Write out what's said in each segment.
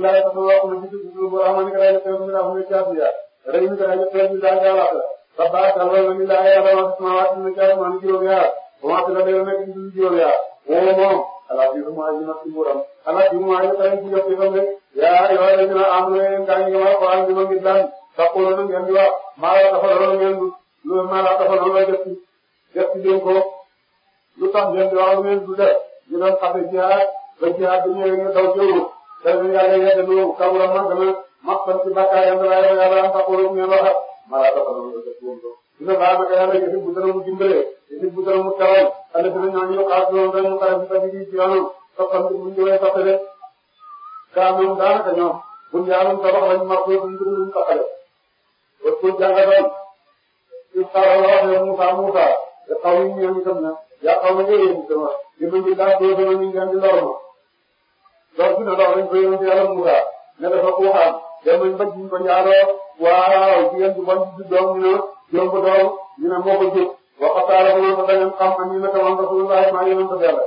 bisimilah ko waxul ci bu amoon ni kay defal min afu tiafiya rek ni kay defal min da ga wax ba ba ta wala min da ya ba wax ma wax a kay man jiro ya wa ta da le nek ni jiro ya o mo ala bi ma ni ma ci boram ala bi ma ni kay ci yo ko ne ya yo le na am le kay ni ma ko an ni ma ngi dan ta ko no ngeen di wax ma la dafa lo ngeen lu ma la dafa lo la def def den ko lu tax ngeen di wax ngeen du def ñu doon xabe jihaad ba jihaad dañu ngeen daw jëwru te bu ñu la déggee te du kabura man dama maqam ci bakkaar yàlla laa yàlla yàlla am taxawu rek ñu loola maa laa doxal loolu def loolu loolu. dina baax nag yàlla yëf bu dara mu dimbalee yëf bu dara mu tawal xale bi nag ñooñu xaar loolu rek mu xaar si tamit yi ci yoonam soxal bi buñ ñëwee soxale kaa moom daanaka ñoom buñ yaaluñ tabax lañ maq yëpp ñu dugg luñ soxale. parce que jàngatoon ci xaaral la wax yow Moussa Moussa te xaw ma ñu ñëw ñu dem na yaa xaw ma ñëwee ñu dem wax li ma ñu daal doo dama ñu ngeen di lor ma. loolu si ne loolu lañ koy yëngu yàlla mu baax ne dafa ko waxaan dem nañ ba ñu ko ñaaroo waaw jigéen bi bon ci doom ñu ne jëm ko doom ñu ne moo ko jóg waxataala ko ko da ngeen xam ne nii naka man Rasulullah maa ngi doon def yàlla.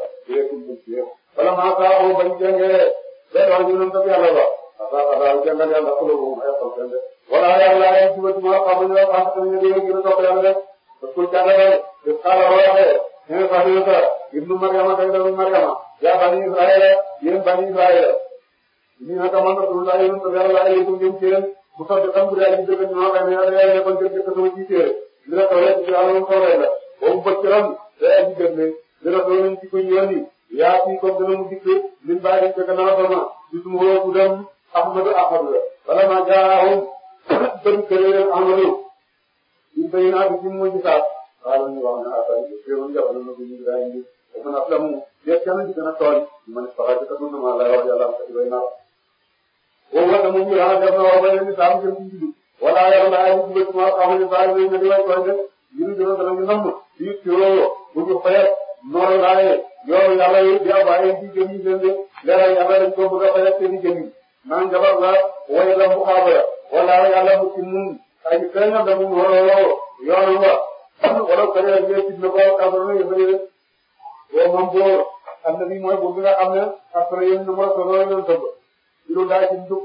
wala maa saa oo bañ jàngee day doon ñu doon def yàlla ba waaw waaw waaw jàngal yàlla xulóo boobu ay xol seen de. wala yàlla ay ci bëccëg ma xam ne dafa am ñu ne gën a topp yàlla rek parce que jàngale te xaaral boo waxee ñu ne sax ñu ne sax ibnu Mariama kay doomu Mariama yaa bani Israayila yéen bani Israayila lii nag man de Dula yéen a yàlla laaj yéen ñoom ci yéen bu soobee tam bu dee ci dëkk bi ñoom dañuy dañuy nekkoon ci dëkk sama jiite li la tooyee ci yàlla lu tooyee la boobu bët ci ren day am ci gën de li la tooyee nañ ci ko ñëw nii yaa fi comme dana mu dikk liñ bàyyi ci gannaaw sama gisuma woo ku dem Ahmadu Ahmadu la. bala maa jaaraawum bëri kër yéen Ahmadu liñ béy naa ko ci mujj saaf waaw ñu wax ne ah kay yow jafe-jafe ñu ngi daal di mën a flamu. kenn ci gën a tooñ man saxaat ko dund maa lay wax yàlla am kati bay naaw boobu nag moom ñu daan def na war ba leen ni saam jëm ci jiw wala yow laa yàlla bu bëgg maa xamuñu saa yu ne di lay tooñ de yu ñu gën a dana ñu namm yu ci loolu bu ñu xëyat noonu laa yee yow yàlla yi di abaaye ci jëm yi leen de leeral yàlla dañ ko bëgg a xëyat seen i jëm yi naan jabar la way la bu xaaba ya wala yàlla bu ci mun ay feeñal da mu wala loolu yoonu la wala ko yàlla ñëw ci na ko kafarna yëfëri rek boo moom boor allabi mooy buur bi nga xam ne asra yéen lu ma solo leen tëbb lu daay ci njub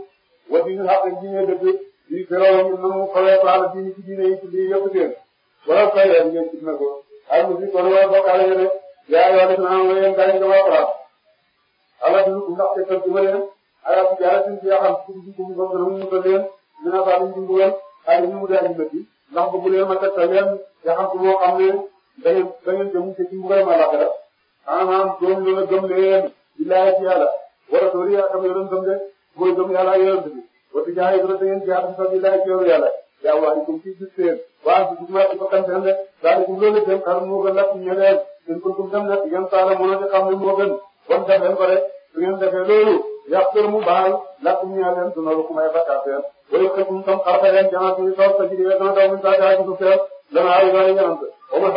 wa dinu xaq diine dëgg di firaw ñu nu mu xawee paala diine ci diine yi ci lii yëpp seen wala fay leen ngeen gis na ko ak mu si kon wala bokkaale yene yaa yoo def naa wala yéen dañ ko wax xalaat ala dinu ko ndax tegtal ci ma leen ala ci jaara ci ya xam ci ci ko ko mu ko leen dina fa ñu ndu won ay ñu daal ñu bëgg ndax bu leen ma tegtal leen ya xam ko moo xam ne da ngeen da ngeen jëm ci mbugal ma la dara maanaam doom dana gëm leen billahi ci yàlla wa rasuli yaa xam yoon gëm de mooy gëm yàlla ak yoon bi wati jaay yi dana ngeen jaar sax billahi ci yoonu yàlla yaa wax ni comme ci gis seen waa ci dugg naa ci bakkan seen de daal di loolu seen xar gën lakk ñeneen seen kuntum dem nag ngeen saala mën a xam ne moo gën kon defeen ko rek su ngeen defee loolu yàqtër mu baal lakk ñeneen su noonu ku may bakkaat seen wala xëcum tam xarta leen janaa suñu toog sa jidi wee dana daw o ma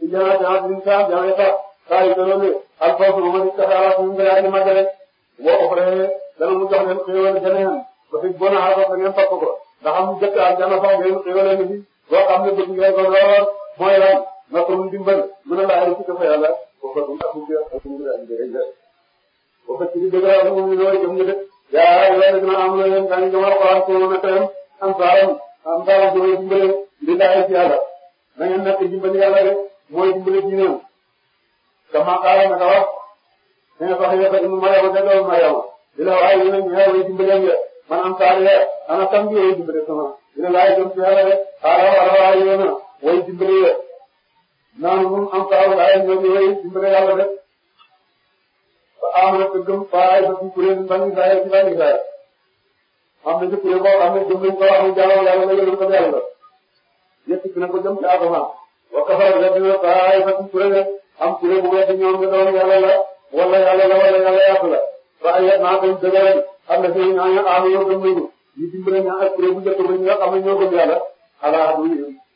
di jaaraat jaaraat bi ñu sax jaaraat sax saa yu gënoon ne it taxawaat ñu ngi lay andi màggale boo ko paree dana mu jox leen xéewal jeneen ba fi bon aar ba ngeen topp ko ndax am jëkk ak jana sax ngeen xéewal leen fi boo xam ne bëgg ngeen ko lool mooy lan nakamu dimbal mën a laaj ci ko fa yàlla boo ko dund ak mu jeex ak mu jeex ngeen jëf boo ko ci di mu ñëw jëm nga dëkk yaa yàlla dina am la leen dañu jëmal xalaat ko na tayam am saaram am saaram dina dimbale di laaj ci yàlla na ngeen nekk dimbali mooy dimbali ci néew. damaa xaaral naka wax ne sax yéen a ngi mayoo ba déggoo mayoo di la waaye yéen a ngi ñëw rek dimbali ngeen man am saa yéen ana tam bi yéen a dimbali sama di la laaj jëm ci yàlla rek xaaral wala waaye yéen a way dimbali ngeen naan mun am saa waaye ñoom yéen a dimbali yàlla rek ba am na te gëm faay ba ci kuréel ba ñu saa yéen ci bàyyi saa am na ci kuréel boo xam ne jëm nañu ko wax ne jàlloo yàlla nga jëloon ko yàlla yëpp ci na ko jëm ci asamaan. wa kafara weddi na taaifatun kuréel am kuréel bu weddi ñoom nga doon yàlla la wala yàlla la wala yàlla yàqu la fa ayyadnaa ko dëgëral allaziina ñooñu aamanu gëm nañu ñu dimbale ñu ak kuréel bu njëkk ba ñu xam ne ñoo gëm yàlla ala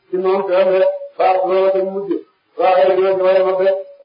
ci noonu fa am fa ak loolu dañu mujj waaye